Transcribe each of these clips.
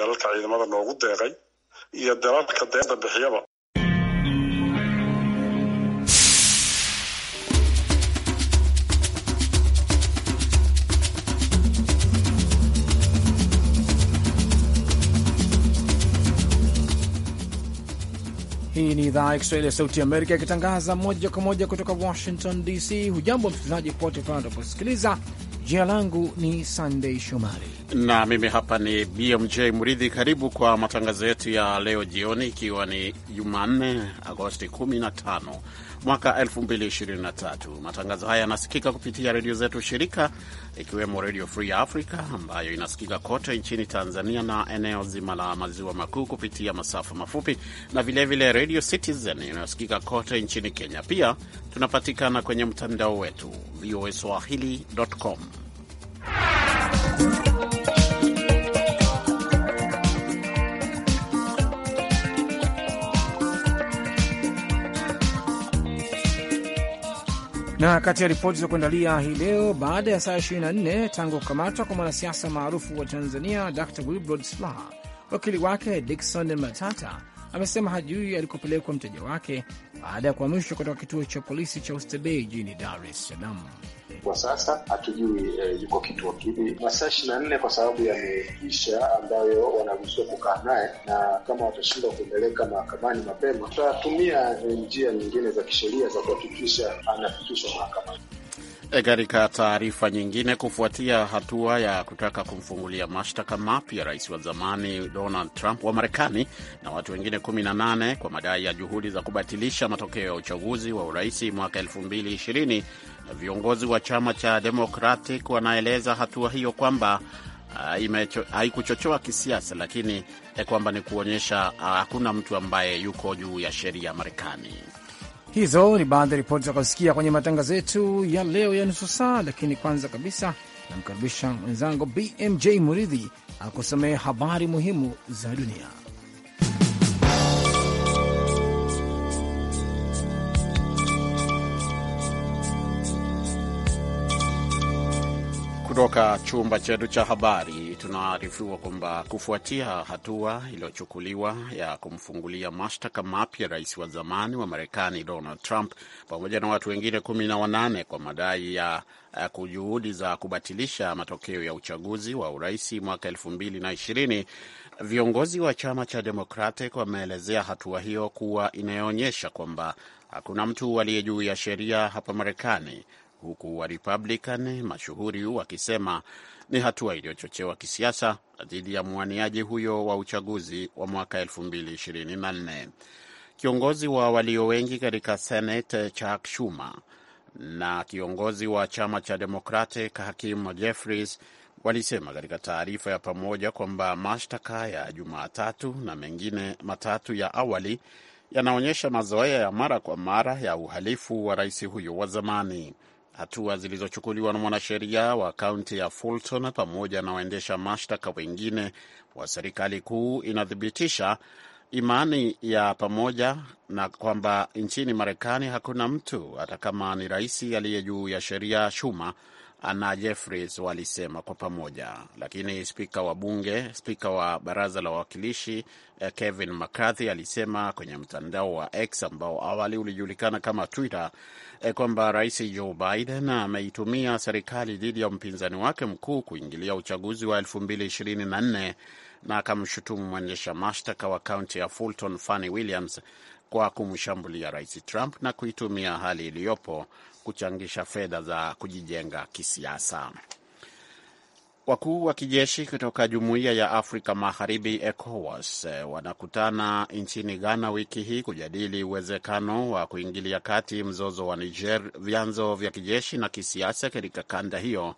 dalalka ciidamada noogu deeqay iyo dalalka deeqda bixiyaba. Hii ni idhaa ya Kiswahili ya Sauti Amerika ikitangaza moja kwa moja kutoka Washington DC. Hujambo msikilizaji popote pale unaposikiliza. Jina langu ni sandei Shomari na mimi hapa ni BMJ Mridhi. Karibu kwa matangazo yetu ya leo jioni, ikiwa ni Jumanne Agosti 15 mwaka 2023. Matangazo haya yanasikika kupitia redio zetu shirika, ikiwemo Redio Free Africa ambayo inasikika kote nchini Tanzania na eneo zima la maziwa makuu kupitia masafa mafupi na vilevile Redio Citizen inayosikika kote nchini Kenya. Pia tunapatikana kwenye mtandao wetu voa swahili.com. Na kati ya ripoti za kuandalia hii leo, baada ya saa 24 tangu kukamatwa kwa mwanasiasa maarufu wa Tanzania Dr Wilbrod Slaa, wakili wake dikson Matata amesema hajui alikopelekwa mteja wake baada ya kuhamishwa kutoka kituo cha polisi cha ustebei jijini Dar es Salaam kwa sasa hatujui e, yuko kituo kipi. Masaa ishirini na nne kwa sababu yameisha, ambayo wanaruhusiwa kukaa naye, na kama watashindwa kumpeleka mahakamani mapema, tutatumia eh, njia nyingine za kisheria za kuhakikisha anafikishwa mahakamani. E, katika taarifa nyingine, kufuatia hatua ya kutaka kumfungulia mashtaka mapya rais wa zamani Donald Trump wa Marekani na watu wengine 18 kwa madai ya juhudi za kubatilisha matokeo ya uchaguzi wa urais mwaka 2020, viongozi wa chama cha Democratic wanaeleza hatua hiyo kwamba haikuchochoa kisiasa, lakini e, kwamba ni kuonyesha hakuna mtu ambaye yuko juu ya sheria ya Marekani. Hizo ni baadhi ya ripoti za kusikia kwenye matangazo yetu ya leo ya nusu saa, lakini kwanza kabisa namkaribisha mwenzangu BMJ Muridhi akusomee habari muhimu za dunia. Kutoka chumba chetu cha habari tunaarifiwa kwamba kufuatia hatua iliyochukuliwa ya kumfungulia mashtaka mapya rais wa zamani wa Marekani Donald Trump pamoja na watu wengine kumi na wanane kwa madai ya eh, juhudi za kubatilisha matokeo ya uchaguzi wa urais mwaka elfu mbili na ishirini, viongozi wa chama cha Democratic wameelezea hatua hiyo kuwa inayoonyesha kwamba hakuna mtu aliye juu ya sheria hapa Marekani huku wa Republican mashuhuri wakisema ni hatua iliyochochewa kisiasa dhidi ya mwaniaji huyo wa uchaguzi wa mwaka 2024. Kiongozi wa walio wengi katika Senate Chuck Schumer na kiongozi wa chama cha Democratic Hakim Jeffries walisema katika taarifa ya pamoja kwamba mashtaka ya Jumatatu na mengine matatu ya awali yanaonyesha mazoea ya mara kwa mara ya uhalifu wa rais huyo wa zamani hatua zilizochukuliwa na mwanasheria wa kaunti ya Fulton pamoja na waendesha mashtaka wengine wa serikali kuu inathibitisha imani ya pamoja na kwamba nchini Marekani hakuna mtu hata kama ni rais aliye juu ya sheria, Shuma na Jeffries walisema kwa pamoja, lakini spika wa bunge, spika wa baraza la wawakilishi eh, Kevin McCarthy alisema kwenye mtandao wa X ambao awali ulijulikana kama Twitter eh, kwamba Rais Joe Biden ameitumia serikali dhidi ya mpinzani wake mkuu kuingilia uchaguzi wa 2024 na akamshutumu mwendesha mashtaka wa kaunti ya Fulton Fanny Williams kwa kumshambulia Rais Trump na kuitumia hali iliyopo kuchangisha fedha za kujijenga kisiasa. Wakuu wa kijeshi kutoka Jumuiya ya Afrika Magharibi, ECOWAS, wanakutana nchini Ghana wiki hii kujadili uwezekano wa kuingilia kati mzozo wa Niger, vyanzo vya kijeshi na kisiasa katika kanda hiyo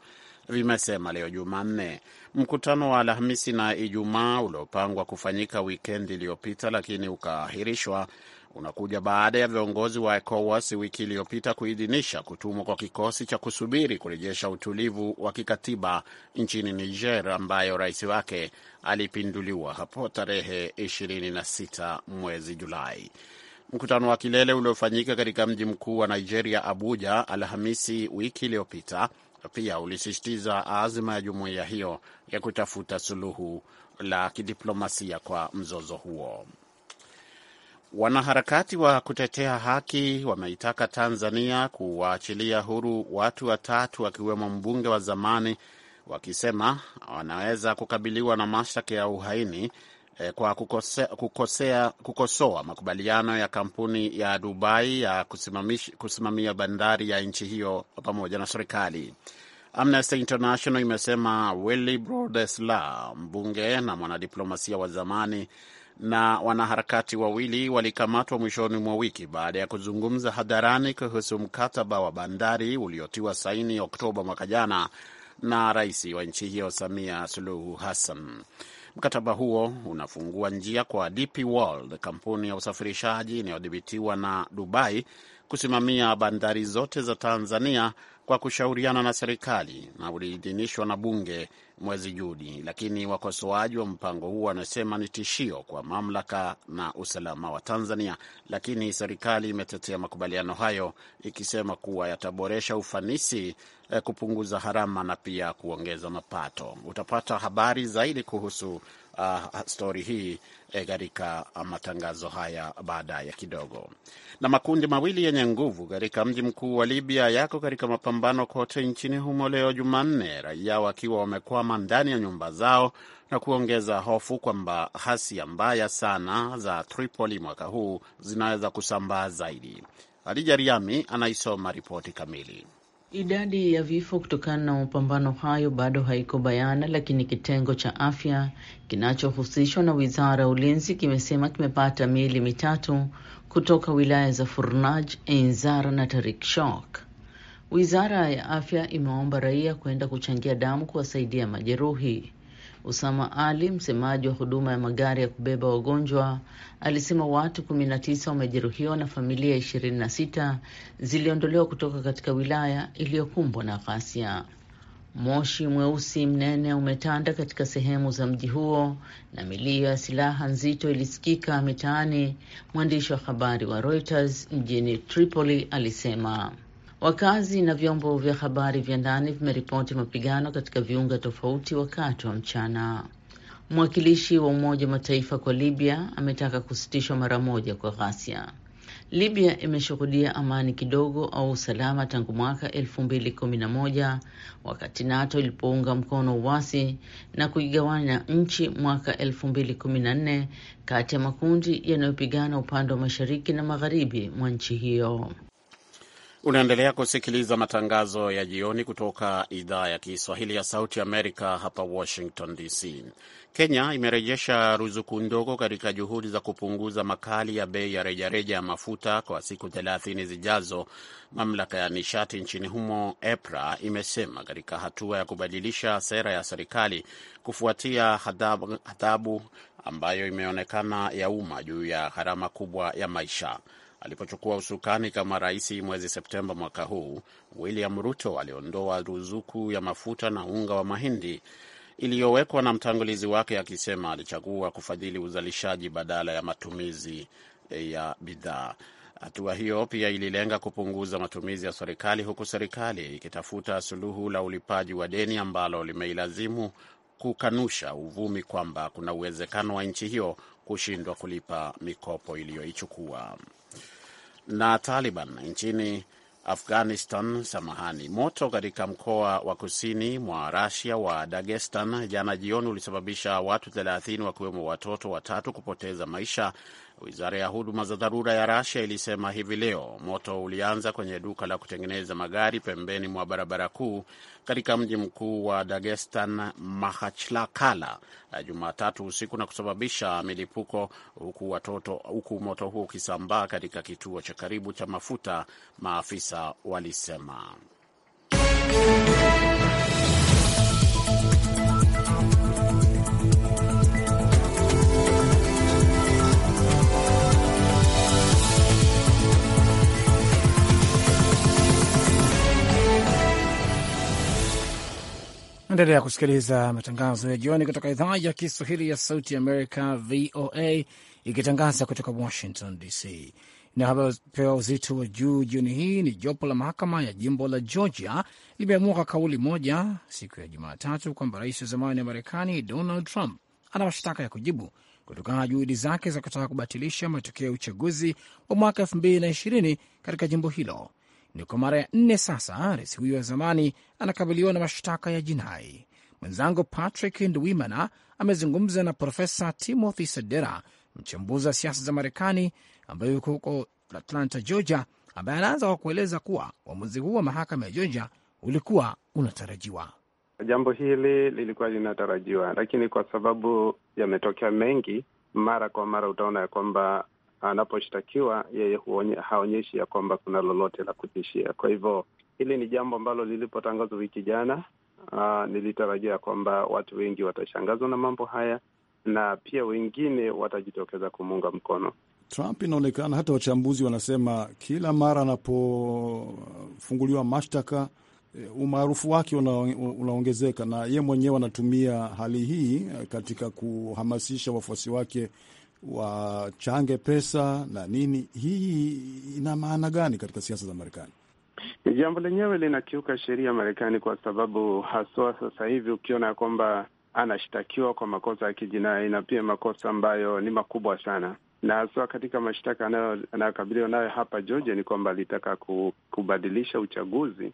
vimesema leo Jumanne. Mkutano wa Alhamisi na Ijumaa uliopangwa kufanyika wikendi iliyopita, lakini ukaahirishwa unakuja baada ya viongozi wa ECOWAS wiki iliyopita kuidhinisha kutumwa kwa kikosi cha kusubiri kurejesha utulivu wa kikatiba nchini Niger, ambayo rais wake alipinduliwa hapo tarehe 26 mwezi Julai. Mkutano wa kilele uliofanyika katika mji mkuu wa Nigeria, Abuja, Alhamisi wiki iliyopita pia ulisisitiza azma ya jumuiya hiyo ya kutafuta suluhu la kidiplomasia kwa mzozo huo. Wanaharakati wa kutetea haki wameitaka Tanzania kuwaachilia huru watu watatu wakiwemo mbunge wa zamani, wakisema wanaweza kukabiliwa na mashtaka ya uhaini eh, kwa kukosea, kukosea, kukosoa makubaliano ya kampuni ya Dubai ya kusimamia bandari ya nchi hiyo pamoja na serikali. Amnesty International imesema Willy brodesla mbunge na mwanadiplomasia wa zamani na wanaharakati wawili walikamatwa mwishoni mwa wiki baada ya kuzungumza hadharani kuhusu mkataba wa bandari uliotiwa saini Oktoba mwaka jana na rais wa nchi hiyo Samia Suluhu Hassan. Mkataba huo unafungua njia kwa DP World, kampuni ya usafirishaji inayodhibitiwa na Dubai, kusimamia bandari zote za Tanzania kwa kushauriana na serikali na uliidhinishwa na bunge mwezi Juni, lakini wakosoaji wa mpango huo wanasema ni tishio kwa mamlaka na usalama wa Tanzania. Lakini serikali imetetea makubaliano hayo ikisema kuwa yataboresha ufanisi, eh, kupunguza gharama na pia kuongeza mapato. Utapata habari zaidi kuhusu uh, ah, stori hii eh, katika e matangazo haya baadaye kidogo. Na makundi mawili yenye nguvu katika mji mkuu wa Libya yako katika mapambano kote nchini humo leo Jumanne, raia wakiwa wamekwama ndani ya nyumba zao na kuongeza hofu kwamba hasia mbaya sana za Tripoli mwaka huu zinaweza kusambaa zaidi. Hadija Riami anaisoma ripoti kamili. Idadi ya vifo kutokana na mapambano hayo bado haiko bayana, lakini kitengo cha afya kinachohusishwa na wizara ya ulinzi kimesema kimepata miili mitatu kutoka wilaya za Furnaj, Enzara na Tarik Shok. Wizara ya afya imeomba raia kwenda kuchangia damu kuwasaidia majeruhi. Usama Ali, msemaji wa huduma ya magari ya kubeba wagonjwa, alisema watu 19 wamejeruhiwa na familia 26 ziliondolewa kutoka katika wilaya iliyokumbwa na ghasia. Moshi mweusi mnene umetanda katika sehemu za mji huo na milio ya silaha nzito ilisikika mitaani. Mwandishi wa habari wa Reuters mjini Tripoli alisema Wakazi na vyombo vya habari vya ndani vimeripoti mapigano katika viunga tofauti wakati wa mchana. Mwakilishi wa Umoja wa Mataifa kwa Libya ametaka kusitishwa mara moja kwa ghasia. Libya imeshuhudia amani kidogo au usalama tangu mwaka 2011 wakati NATO ilipounga mkono uasi na kuigawanya nchi mwaka 2014 kati ya makundi yanayopigana upande wa mashariki na magharibi mwa nchi hiyo. Unaendelea kusikiliza matangazo ya jioni kutoka idhaa ya Kiswahili ya Sauti Amerika hapa Washington DC. Kenya imerejesha ruzuku ndogo katika juhudi za kupunguza makali ya bei ya rejareja ya mafuta kwa siku 30 zijazo, mamlaka ya nishati nchini humo EPRA imesema katika hatua ya kubadilisha sera ya serikali kufuatia adhabu ambayo imeonekana ya umma juu ya gharama kubwa ya maisha. Alipochukua usukani kama rais mwezi Septemba mwaka huu, William Ruto aliondoa ruzuku ya mafuta na unga wa mahindi iliyowekwa na mtangulizi wake, akisema alichagua kufadhili uzalishaji badala ya matumizi e, ya bidhaa. Hatua hiyo pia ililenga kupunguza matumizi ya serikali, huku serikali ikitafuta suluhu la ulipaji wa deni ambalo limeilazimu kukanusha uvumi kwamba kuna uwezekano wa nchi hiyo kushindwa kulipa mikopo iliyoichukua na Taliban nchini Afghanistan. Samahani. Moto katika mkoa wa kusini mwa Rasia wa Dagestan jana jioni ulisababisha watu 30 wakiwemo watoto watatu kupoteza maisha Wizara ya huduma za dharura ya Rasia ilisema hivi leo moto ulianza kwenye duka la kutengeneza magari pembeni mwa barabara kuu katika mji mkuu wa Dagestan, Mahachlakala, na Jumatatu usiku na kusababisha milipuko, huku watoto huku moto huo ukisambaa katika kituo cha karibu cha mafuta, maafisa walisema. Naendelea kusikiliza matangazo ya jioni kutoka idhaa ya Kiswahili ya Sauti Amerika, VOA, ikitangaza kutoka Washington DC. Inayopewa uzito wa juu jioni hii ni jopo la mahakama ya jimbo la Georgia limeamua kwa kauli moja siku ya Jumatatu kwamba rais wa zamani wa Marekani Donald Trump ana mashtaka ya kujibu kutokana na juhudi zake za kutaka kubatilisha matokeo ya uchaguzi wa mwaka elfu mbili na ishirini katika jimbo hilo ni kwa mara ya nne sasa rais huyo wa zamani anakabiliwa na mashtaka ya jinai. Mwenzangu Patrick Ndwimana amezungumza na Profesa Timothy Sedera, mchambuzi wa siasa za Marekani ambaye yuko huko Atlanta, Georgia, ambaye anaanza kwa kueleza kuwa uamuzi huu wa mahakama ya Georgia ulikuwa unatarajiwa. Jambo hili lilikuwa linatarajiwa, lakini kwa sababu yametokea mengi, mara kwa mara utaona ya kwamba anaposhtakiwa yeye haonyeshi ya kwamba kuna lolote la kutishia. Kwa hivyo hili ni jambo ambalo lilipotangazwa wiki jana, uh, nilitarajia kwamba watu wengi watashangazwa na mambo haya na pia wengine watajitokeza kumuunga mkono Trump. Inaonekana hata wachambuzi wanasema kila mara anapofunguliwa mashtaka eh, umaarufu wake unaongezeka, una na ye mwenyewe anatumia hali hii katika kuhamasisha wafuasi wake wachange pesa na nini. Hii ina maana gani katika siasa za Marekani? Ni jambo lenyewe linakiuka sheria ya Marekani kwa sababu haswa sasa hivi ukiona ya kwamba anashtakiwa kwa makosa ya kijinai na pia makosa ambayo ni makubwa sana na haswa katika mashtaka anayokabiliwa nayo hapa Georgia ni kwamba alitaka kubadilisha uchaguzi,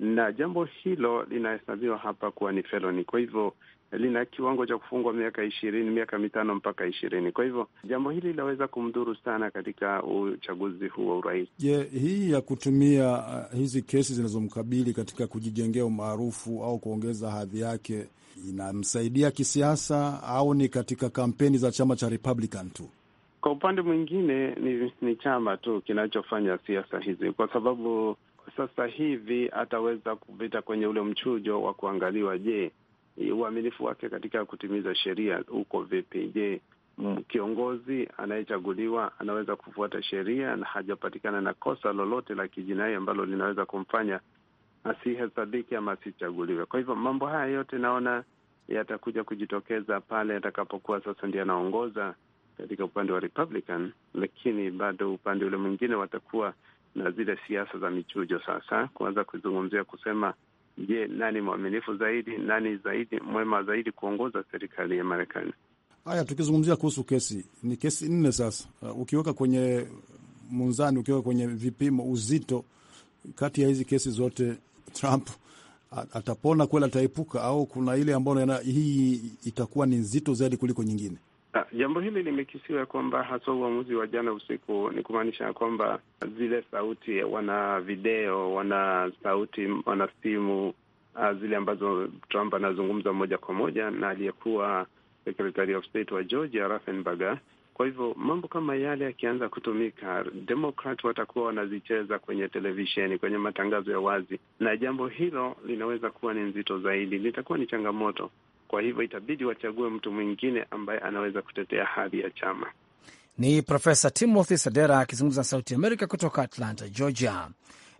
na jambo hilo linahesabiwa hapa kuwa ni feloni. Kwa hivyo lina kiwango cha kufungwa miaka ishirini, miaka mitano mpaka ishirini. Kwa hivyo jambo hili linaweza kumdhuru sana katika uchaguzi huu wa urais. Je, hii ya kutumia uh, hizi kesi zinazomkabili katika kujijengea umaarufu au kuongeza hadhi yake inamsaidia kisiasa au ni katika kampeni za chama cha Republican tu? Kwa upande mwingine ni, ni chama tu kinachofanya siasa hizi, kwa sababu sasa hivi ataweza kupita kwenye ule mchujo wa kuangaliwa, je E, uaminifu wake katika kutimiza sheria uko vipi? Je, kiongozi anayechaguliwa anaweza kufuata sheria na hajapatikana na kosa lolote la kijinai ambalo linaweza kumfanya asihesabiki ama asichaguliwe? Kwa hivyo mambo haya yote naona yatakuja kujitokeza pale atakapokuwa sasa ndiye anaongoza katika upande wa Republican, lakini bado upande ule mwingine watakuwa na zile siasa za michujo sasa, kuanza kuzungumzia kusema je, nani mwaminifu zaidi, nani zaidi mwema zaidi kuongoza serikali ya Marekani? Haya, tukizungumzia kuhusu kesi, ni kesi nne sasa. Uh, ukiweka kwenye munzani, ukiweka kwenye vipimo uzito kati ya hizi kesi zote, Trump atapona kweli, ataepuka au kuna ile ambayo hii itakuwa ni nzito zaidi kuliko nyingine? Ah, jambo hili limekisiwa kwamba haswa uamuzi wa jana usiku ni kumaanisha kwamba zile sauti, wana video, wana sauti, wana simu ah, zile ambazo Trump anazungumza moja kwa moja na aliyekuwa Secretary of State wa Georgia Raffensperger. Kwa hivyo mambo kama yale yakianza kutumika, Demokrat watakuwa wanazicheza kwenye televisheni, kwenye matangazo ya wazi, na jambo hilo linaweza kuwa ni nzito zaidi, litakuwa ni changamoto. Kwa hivyo itabidi wachague mtu mwingine ambaye anaweza kutetea hadhi ya chama. Ni Profesa Timothy Sadera akizungumza na Sauti Amerika kutoka Atlanta, Georgia.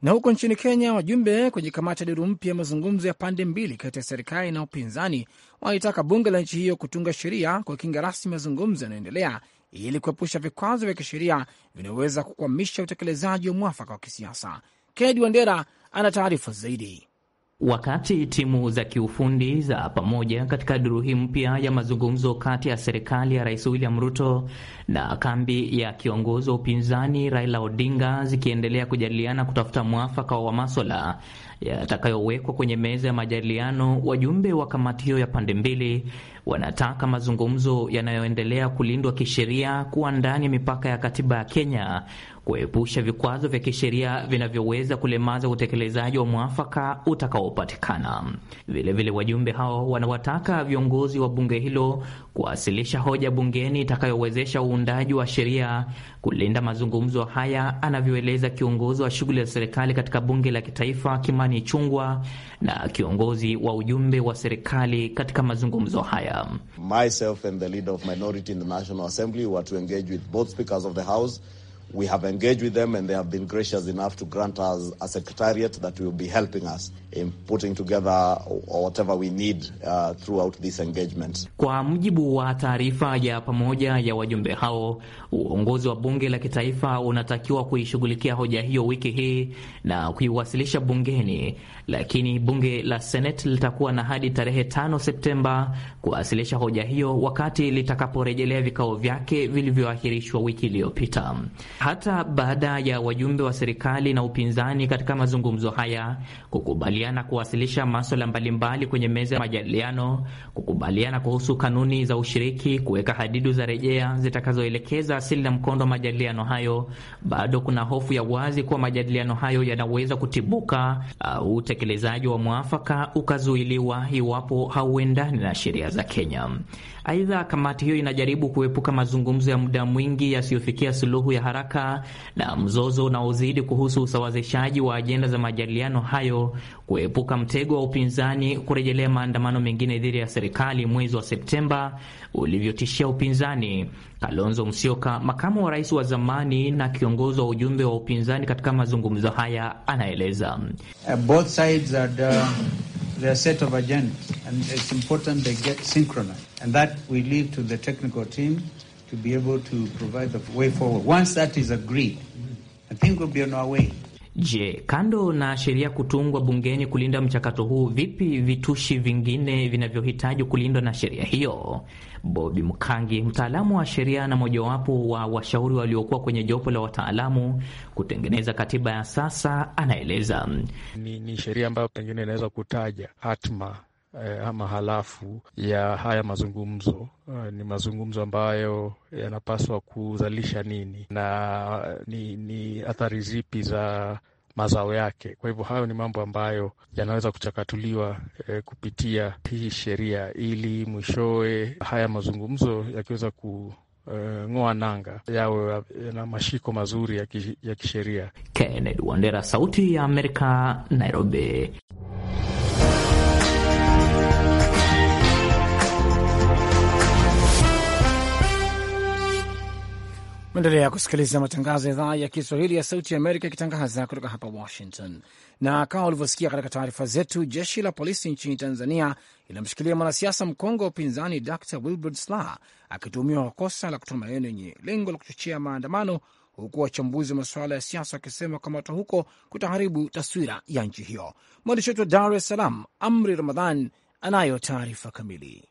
Na huko nchini Kenya, wajumbe kwenye kamati ya duru mpya ya mazungumzo ya pande mbili kati ya serikali na upinzani wanaitaka bunge la nchi hiyo kutunga sheria kwa kinga rasmi mazungumzo yanayoendelea ili kuepusha vikwazo vya kisheria vinavyoweza kukwamisha utekelezaji wa mwafaka wa kisiasa. Kennedy Wandera ana taarifa zaidi. Wakati timu za kiufundi za pamoja katika duru hii mpya ya mazungumzo kati ya serikali ya Rais William Ruto na kambi ya kiongozi wa upinzani Raila Odinga zikiendelea kujadiliana kutafuta mwafaka wa maswala yatakayowekwa kwenye meza ya majadiliano, wajumbe wa kamati hiyo ya pande mbili wanataka mazungumzo yanayoendelea kulindwa kisheria kuwa ndani ya mipaka ya katiba ya Kenya kuepusha vikwazo vya kisheria vinavyoweza kulemaza utekelezaji wa mwafaka utakaopatikana. Vilevile, wajumbe hao wanawataka viongozi wa bunge hilo kuwasilisha hoja bungeni itakayowezesha uundaji wa sheria kulinda mazungumzo haya, anavyoeleza kiongozi wa shughuli za serikali katika bunge la kitaifa Kimani Chungwa na kiongozi wa ujumbe wa serikali katika mazungumzo haya. Myself and the leader of minority in the National Assembly were to engage with both speakers of the House We have engaged with them and they have been gracious enough to grant us a secretariat that will be helping us in putting together whatever we need uh, throughout this engagement. Kwa mujibu wa taarifa ya pamoja ya wajumbe hao, uongozi wa bunge la kitaifa unatakiwa kuishughulikia hoja hiyo wiki hii na kuiwasilisha bungeni, lakini bunge la Seneti litakuwa na hadi tarehe 5 Septemba kuwasilisha hoja hiyo wakati litakaporejelea vikao vyake vilivyoahirishwa wiki iliyopita hata baada ya wajumbe wa serikali na upinzani katika mazungumzo haya kukubaliana kuwasilisha maswala mbalimbali kwenye meza ya majadiliano, kukubaliana kuhusu kanuni za ushiriki, kuweka hadidu za rejea zitakazoelekeza asili na mkondo wa majadiliano hayo, bado kuna hofu ya wazi kuwa majadiliano hayo yanaweza kutibuka au utekelezaji wa mwafaka ukazuiliwa iwapo hauendani na sheria za Kenya. Aidha, kamati hiyo inajaribu kuepuka mazungumzo ya muda mwingi yasiyofikia suluhu ya haraka na mzozo unaozidi kuhusu usawazishaji wa ajenda za majadiliano hayo, kuepuka mtego wa upinzani kurejelea maandamano mengine dhidi ya serikali mwezi wa Septemba ulivyotishia upinzani. Kalonzo Musyoka, makamu wa rais wa zamani na kiongozi wa ujumbe wa upinzani katika mazungumzo haya, anaeleza uh, Both sides are the... Uh, They are set of agendas. And it's important they get synchronized. And that we leave to the technical team to be able to provide the way forward. Once that is agreed, I think we'll be on our way. Je, kando na sheria kutungwa bungeni kulinda mchakato huu, vipi vitushi vingine vinavyohitaji kulindwa na sheria hiyo? Bobi Mkangi, mtaalamu wa sheria na mojawapo wa washauri waliokuwa kwenye jopo la wataalamu kutengeneza katiba ya sasa, anaeleza. Ni, ni sheria ambayo pengine inaweza kutaja hatma eh, ama halafu ya haya mazungumzo eh, ni mazungumzo ambayo yanapaswa kuzalisha nini na ni, ni athari zipi za mazao yake. Kwa hivyo hayo ni mambo ambayo yanaweza kuchakatuliwa e, kupitia hii sheria ili mwishowe haya mazungumzo yakiweza ku eh, ng'oa nanga yawe na mashiko mazuri ya kisheria. Kennedy Wandera, Sauti ya Amerika, Nairobi. endelea kusikiliza matangazo ya idhaa ya Kiswahili ya Sauti ya Amerika ikitangaza kutoka hapa Washington. Na kama ulivyosikia katika taarifa zetu, jeshi la polisi nchini Tanzania linamshikilia mwanasiasa mkongwe wa upinzani Dr Wilbert sla akituhumiwa kwa kosa la kutoa maneno yenye lengo la kuchochea maandamano, huku wachambuzi wa masuala ya siasa wakisema kukamatwa huko kutaharibu taswira ya nchi hiyo. Mwandishi wetu wa Dar es Salaam, Amri Ramadhan, anayo taarifa kamili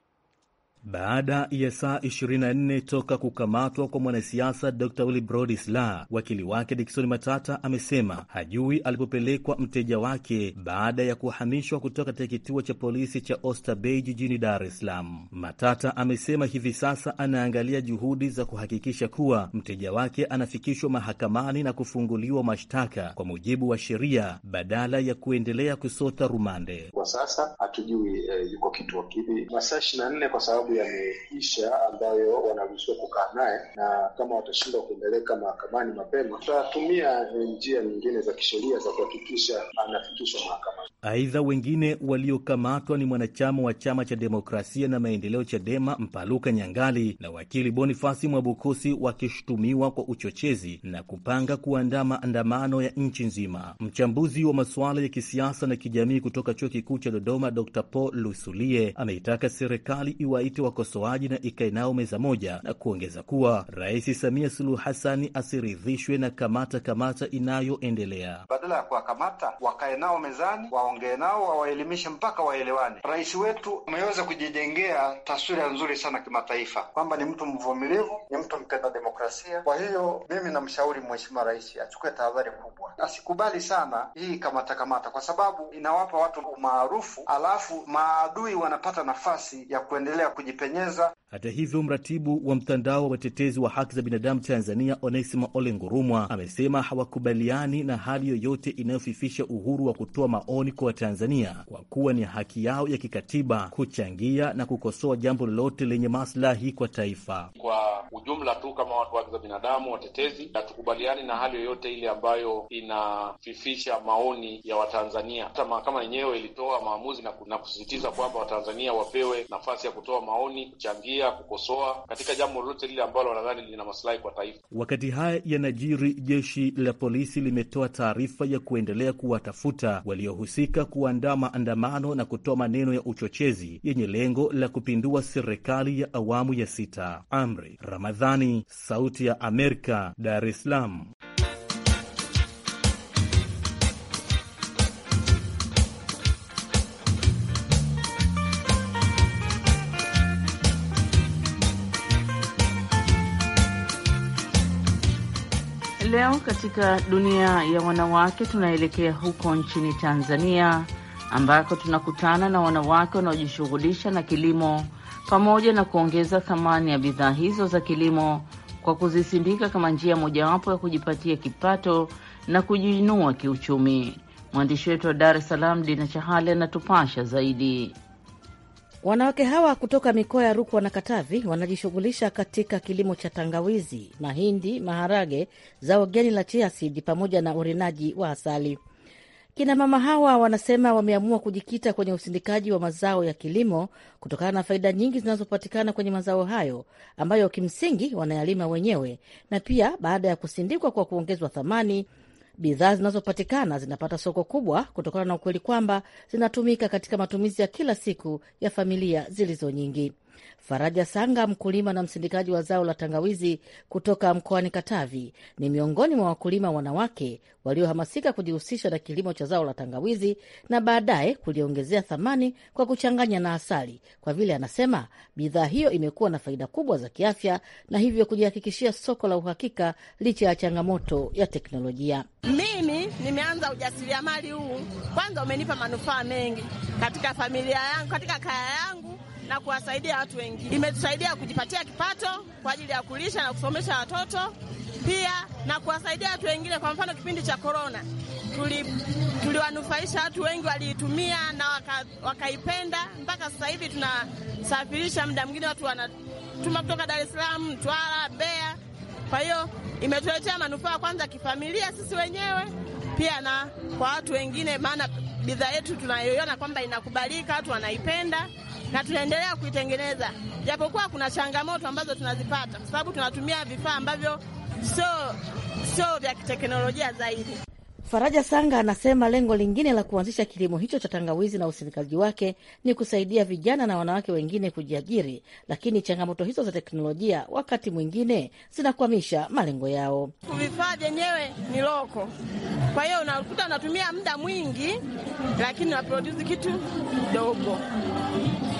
baada ya saa 24 toka kukamatwa kwa mwanasiasa Dr Willibrod Slaa. Wakili wake Dikson Matata amesema hajui alipopelekwa mteja wake baada ya kuhamishwa kutoka katika kituo cha polisi cha Oster Bay jijini Dar es Salaam. Matata amesema hivi sasa anaangalia juhudi za kuhakikisha kuwa mteja wake anafikishwa mahakamani na kufunguliwa mashtaka kwa mujibu wa sheria badala ya kuendelea kusota rumande. Kwa sasa hatujui eh, yuko kituo kipi masaa 24 kwa sababu yameisha ambayo wanaruhusiwa kukaa naye, na kama watashindwa kumpeleka mahakamani mapema, tutatumia njia nyingine za kisheria za kuhakikisha anafikishwa mahakamani. Aidha, wengine waliokamatwa ni mwanachama wa chama cha demokrasia na maendeleo CHADEMA Mpaluka Nyangali na wakili Bonifasi Mwabukusi wakishutumiwa kwa uchochezi na kupanga kuandaa maandamano ya nchi nzima. Mchambuzi wa masuala ya kisiasa na kijamii kutoka chuo kikuu cha Dodoma, Dr Paul Lusulie ameitaka serikali iwaite wakosoaji na ikae nao meza moja, na kuongeza kuwa Rais Samia Suluhu Hasani asiridhishwe na kamata kamata inayoendelea. Badala ya kuwakamata, wakae nao mezani, waongee nao, wawaelimishe mpaka waelewane. Rais wetu ameweza kujijengea taswira nzuri sana kimataifa kwamba ni mtu mvumilivu, ni mtu mpenda demokrasia. Kwa hiyo mimi namshauri Mheshimiwa Rais achukue tahadhari kubwa, asikubali sana hii kamata kamata, kwa sababu inawapa watu umaarufu, alafu maadui wanapata nafasi ya kuendelea kujipenyeza. Hata hivyo mratibu wa mtandao wa watetezi wa haki za binadamu Tanzania, Onesimo Ole Ngurumwa, amesema hawakubaliani na hali yoyote inayofifisha uhuru wa kutoa maoni kwa Watanzania, kwa kuwa ni haki yao ya kikatiba kuchangia na kukosoa jambo lolote lenye maslahi kwa taifa. Kwa ujumla tu, kama watu wa haki za binadamu watetezi, hatukubaliani na hali yoyote ile ambayo inafifisha maoni ya Watanzania. Hata mahakama yenyewe ilitoa maamuzi na kusisitiza kwamba Watanzania wapewe nafasi ya kutoa maoni, kuchangia kufuatilia, kukosoa katika jambo lolote lile ambalo wanadhani lina masilahi kwa taifa. Wakati haya yanajiri, jeshi la polisi limetoa taarifa ya kuendelea kuwatafuta waliohusika kuandaa maandamano na kutoa maneno ya uchochezi yenye lengo la kupindua serikali ya awamu ya sita. Amri Ramadhani, Sauti ya Amerika, Dar es Salaam. Leo katika dunia ya wanawake tunaelekea huko nchini Tanzania ambako tunakutana na wanawake wanaojishughulisha na kilimo pamoja na kuongeza thamani ya bidhaa hizo za kilimo kwa kuzisindika kama njia mojawapo ya kujipatia kipato na kujiinua kiuchumi. Mwandishi wetu wa Dar es Salaam Dina Chahale anatupasha zaidi. Wanawake hawa kutoka mikoa ya Rukwa na Katavi wanajishughulisha katika kilimo cha tangawizi, mahindi, maharage, zao geni la chiasidi pamoja na urinaji wa asali. Kinamama hawa wanasema wameamua kujikita kwenye usindikaji wa mazao ya kilimo kutokana na faida nyingi zinazopatikana kwenye mazao hayo ambayo kimsingi wanayalima wenyewe, na pia baada ya kusindikwa kwa kuongezwa thamani bidhaa zinazopatikana zinapata soko kubwa kutokana na ukweli kwamba zinatumika katika matumizi ya kila siku ya familia zilizo nyingi. Faraja Sanga, mkulima na msindikaji wa zao la tangawizi kutoka mkoani Katavi, ni miongoni mwa wakulima wanawake waliohamasika kujihusisha na kilimo cha zao la tangawizi na baadaye kuliongezea thamani kwa kuchanganya na asali, kwa vile anasema bidhaa hiyo imekuwa na faida kubwa za kiafya na hivyo kujihakikishia soko la uhakika licha ya changamoto ya teknolojia. Mimi nimeanza ujasiriamali huu, kwanza umenipa manufaa mengi katika familia yangu, katika kaya yangu na kuwasaidia watu wengine. Imetusaidia kujipatia kipato kwa ajili ya kulisha na kusomesha watoto pia na kuwasaidia watu wengine. Kwa mfano kipindi cha korona tuliwanufaisha, tuli watu wengi waliitumia na waka, wakaipenda mpaka sasa hivi tunasafirisha, muda mwingine watu wanatuma kutoka Dar es Salaam, Mtwara, Mbeya kwa hiyo imetuletea manufaa kwanza kifamilia, sisi wenyewe pia na kwa watu wengine, maana bidhaa yetu tunayoiona kwamba inakubalika, watu wanaipenda na tunaendelea kuitengeneza, japokuwa kuna changamoto ambazo tunazipata kwa sababu tunatumia vifaa ambavyo sio sio vya kiteknolojia zaidi. Faraja Sanga anasema lengo lingine la kuanzisha kilimo hicho cha tangawizi na usindikaji wake ni kusaidia vijana na wanawake wengine kujiajiri, lakini changamoto hizo za teknolojia wakati mwingine zinakwamisha malengo yao. Vifaa vyenyewe ni loko, kwa hiyo unakuta unatumia muda mwingi, lakini unaprodusi kitu kidogo.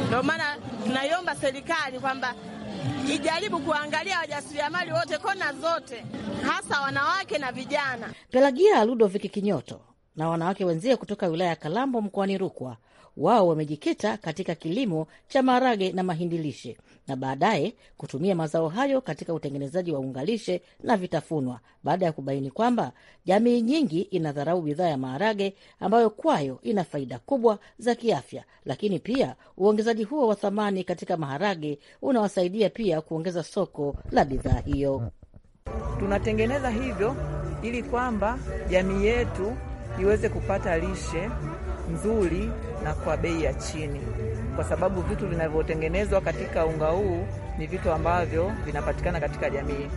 Ndio maana tunaiomba serikali kwamba ijaribu kuangalia wajasiriamali wote kona zote, hasa wanawake na vijana. Pelagia Ludoviki Kinyoto na wanawake wenzie kutoka wilaya ya Kalambo mkoani Rukwa wao wamejikita katika kilimo cha maharage na mahindi lishe na baadaye kutumia mazao hayo katika utengenezaji wa unga lishe na vitafunwa, baada ya kubaini kwamba jamii nyingi inadharau bidhaa ya maharage ambayo kwayo ina faida kubwa za kiafya, lakini pia uongezaji huo wa thamani katika maharage unawasaidia pia kuongeza soko la bidhaa hiyo. Tunatengeneza hivyo ili kwamba jamii yetu iweze kupata lishe nzuri na kwa bei ya chini, kwa sababu vitu vinavyotengenezwa katika unga huu ni vitu ambavyo vinapatikana katika jamii.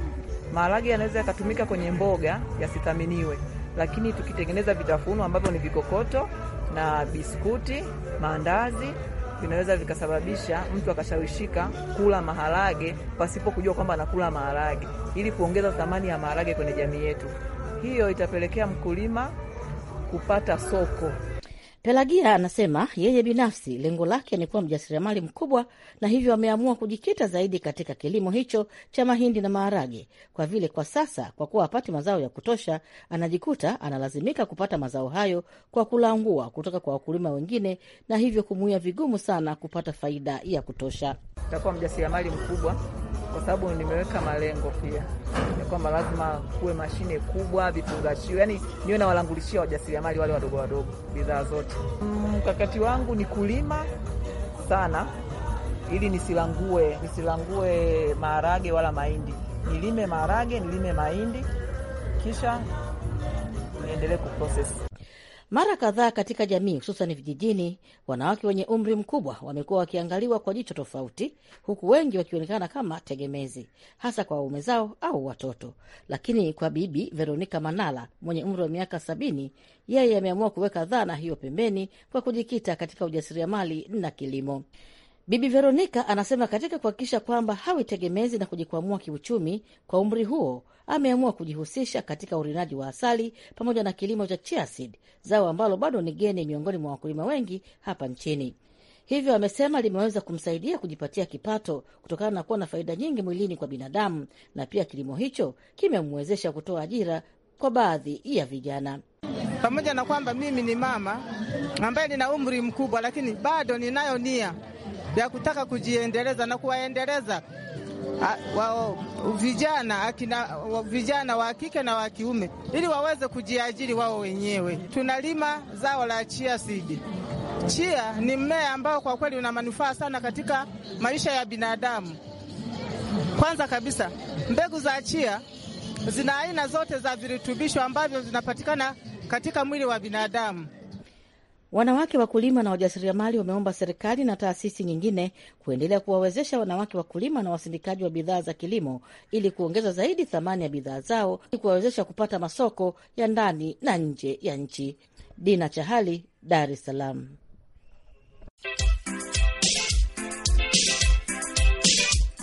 Maharage yanaweza yakatumika kwenye mboga yasithaminiwe, lakini tukitengeneza vitafunwa ambavyo ni vikokoto na biskuti, maandazi vinaweza vikasababisha mtu akashawishika kula maharage pasipo kujua kwamba anakula maharage, ili kuongeza thamani ya maharage kwenye jamii yetu. Hiyo itapelekea mkulima kupata soko Pelagia anasema yeye binafsi lengo lake ni kuwa mjasiriamali mkubwa, na hivyo ameamua kujikita zaidi katika kilimo hicho cha mahindi na maharage, kwa vile kwa sasa, kwa kuwa hapati mazao ya kutosha, anajikuta analazimika kupata mazao hayo kwa kulangua kutoka kwa wakulima wengine, na hivyo kumuia vigumu sana kupata faida ya kutosha. Takuwa mjasiriamali mkubwa kwa sababu nimeweka malengo pia ya kwamba lazima kuwe mashine kubwa, vifungashio, yani niwe na walangulishia wajasiriamali wale wadogo wadogo bidhaa zote. Mm, mkakati mm, wangu ni kulima sana ili nisilangue nisilangue maharage wala mahindi, nilime maharage, nilime mahindi, kisha niendelee kuprocess. Mara kadhaa katika jamii, hususan vijijini, wanawake wenye umri mkubwa wamekuwa wakiangaliwa kwa jicho tofauti, huku wengi wakionekana kama tegemezi, hasa kwa waume zao au watoto. Lakini kwa Bibi Veronika Manala mwenye umri wa miaka sabini, yeye ameamua kuweka dhana hiyo pembeni kwa kujikita katika ujasiriamali na kilimo. Bibi Veronika anasema katika kuhakikisha kwamba hawi tegemezi na kujikwamua kiuchumi kwa umri huo, ameamua kujihusisha katika urinaji wa asali pamoja na kilimo cha chiasid, zao ambalo bado ni geni miongoni mwa wakulima wengi hapa nchini. Hivyo amesema limeweza kumsaidia kujipatia kipato kutokana na kuwa na faida nyingi mwilini kwa binadamu, na pia kilimo hicho kimemwezesha kutoa ajira kwa baadhi ya vijana. Pamoja na kwamba mimi ni mama ambaye nina umri mkubwa, lakini bado ninayo nia vya kutaka kujiendeleza na kuwaendeleza wa, vijana akina, wa, vijana wa kike na wa kiume ili waweze kujiajiri wao wenyewe. Tunalima zao la chia sidi. Chia ni mmea ambao kwa kweli una manufaa sana katika maisha ya binadamu. Kwanza kabisa, mbegu za chia zina aina zote za virutubisho ambavyo zinapatikana katika mwili wa binadamu. Wanawake wakulima na wajasiriamali wameomba serikali na taasisi nyingine kuendelea kuwawezesha wanawake wakulima na wasindikaji wa bidhaa za kilimo ili kuongeza zaidi thamani ya bidhaa zao ili kuwawezesha kupata masoko ya ndani na nje ya nchi. Dina Chahali, Dar es Salaam.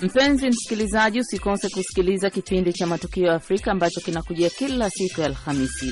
Mpenzi msikilizaji, usikose kusikiliza kipindi cha Matukio ya Afrika ambacho kinakujia kila siku ya Alhamisi.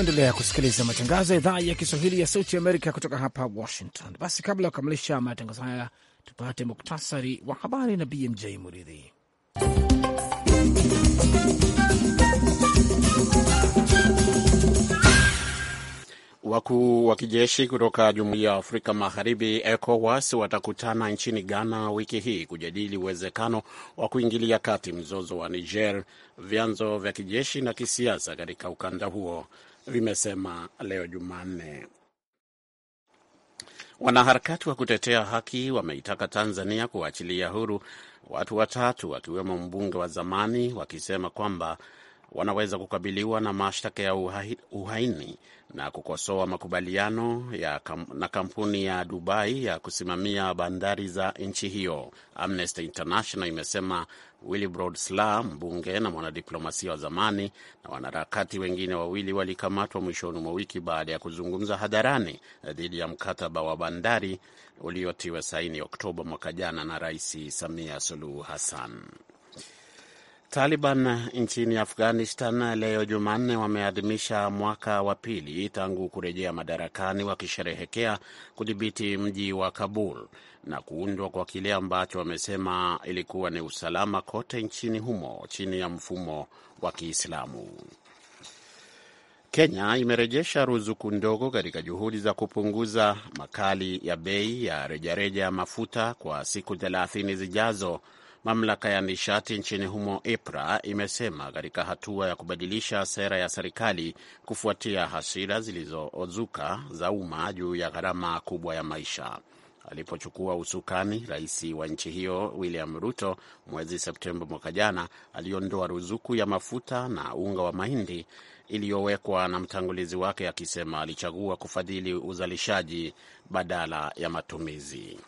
Endelea kusikiliza matangazo ya idhaa ya Kiswahili ya Sauti Amerika kutoka hapa Washington. Basi kabla ya kukamilisha matangazo haya, tupate muktasari wa habari na BMJ Muridhi. Wakuu wa kijeshi kutoka Jumuiya ya Afrika Magharibi, ECOWAS, watakutana nchini Ghana wiki hii kujadili uwezekano wa kuingilia kati mzozo wa Niger, vyanzo vya kijeshi na kisiasa katika ukanda huo vimesema leo Jumanne. Wanaharakati wa kutetea haki wameitaka Tanzania kuachilia huru watu watatu wakiwemo mbunge wa zamani, wakisema kwamba wanaweza kukabiliwa na mashtaka ya uhaini na kukosoa makubaliano ya kam, na kampuni ya Dubai ya kusimamia bandari za nchi hiyo. Amnesty International imesema Willibrod Sla, mbunge na mwanadiplomasia wa zamani, na wanaharakati wengine wawili walikamatwa mwishoni mwa wiki baada ya kuzungumza hadharani dhidi ya mkataba wa bandari uliotiwa saini Oktoba mwaka jana na Rais Samia Suluhu Hassan. Taliban nchini Afghanistan leo Jumanne wameadhimisha mwaka wa pili tangu kurejea madarakani, wakisherehekea kudhibiti mji wa Kabul na kuundwa kwa kile ambacho wamesema ilikuwa ni usalama kote nchini humo chini ya mfumo wa Kiislamu. Kenya imerejesha ruzuku ndogo katika juhudi za kupunguza makali ya bei ya rejareja ya mafuta kwa siku 30 zijazo Mamlaka ya nishati nchini humo EPRA imesema katika hatua ya kubadilisha sera ya serikali kufuatia hasira zilizozuka za umma juu ya gharama kubwa ya maisha. Alipochukua usukani, rais wa nchi hiyo William Ruto mwezi Septemba mwaka jana aliondoa ruzuku ya mafuta na unga wa mahindi iliyowekwa na mtangulizi wake, akisema alichagua kufadhili uzalishaji badala ya matumizi.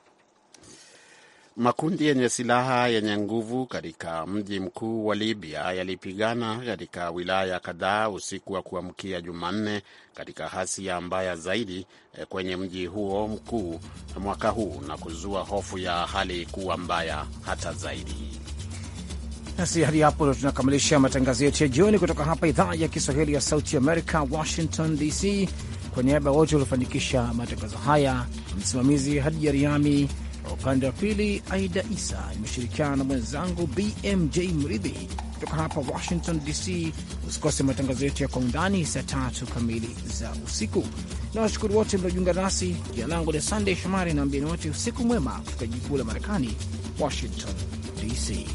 Makundi yenye silaha yenye nguvu katika mji mkuu wa Libya yalipigana katika wilaya kadhaa usiku wa kuamkia Jumanne katika hasia mbaya zaidi eh, kwenye mji huo mkuu mwaka huu na kuzua hofu ya hali kuwa mbaya hata zaidi. Basi hadi hapo ndo tunakamilisha matangazo yetu ya jioni kutoka hapa idhaa ya Kiswahili ya Sauti Amerika, Washington DC. Kwa niaba ya wote waliofanikisha matangazo haya, msimamizi Hadija Riami, kwa upande wa pili, Aida Isa imeshirikiana na mwenzangu BMJ Mridhi kutoka hapa Washington DC. Usikose matangazo yetu ya kwa undani saa tatu kamili za usiku, na washukuru wote mliojiunga nasi. Jina langu ni Sandey Shomari na ambieni wote usiku mwema kutoka jiji kuu la Marekani, Washington DC.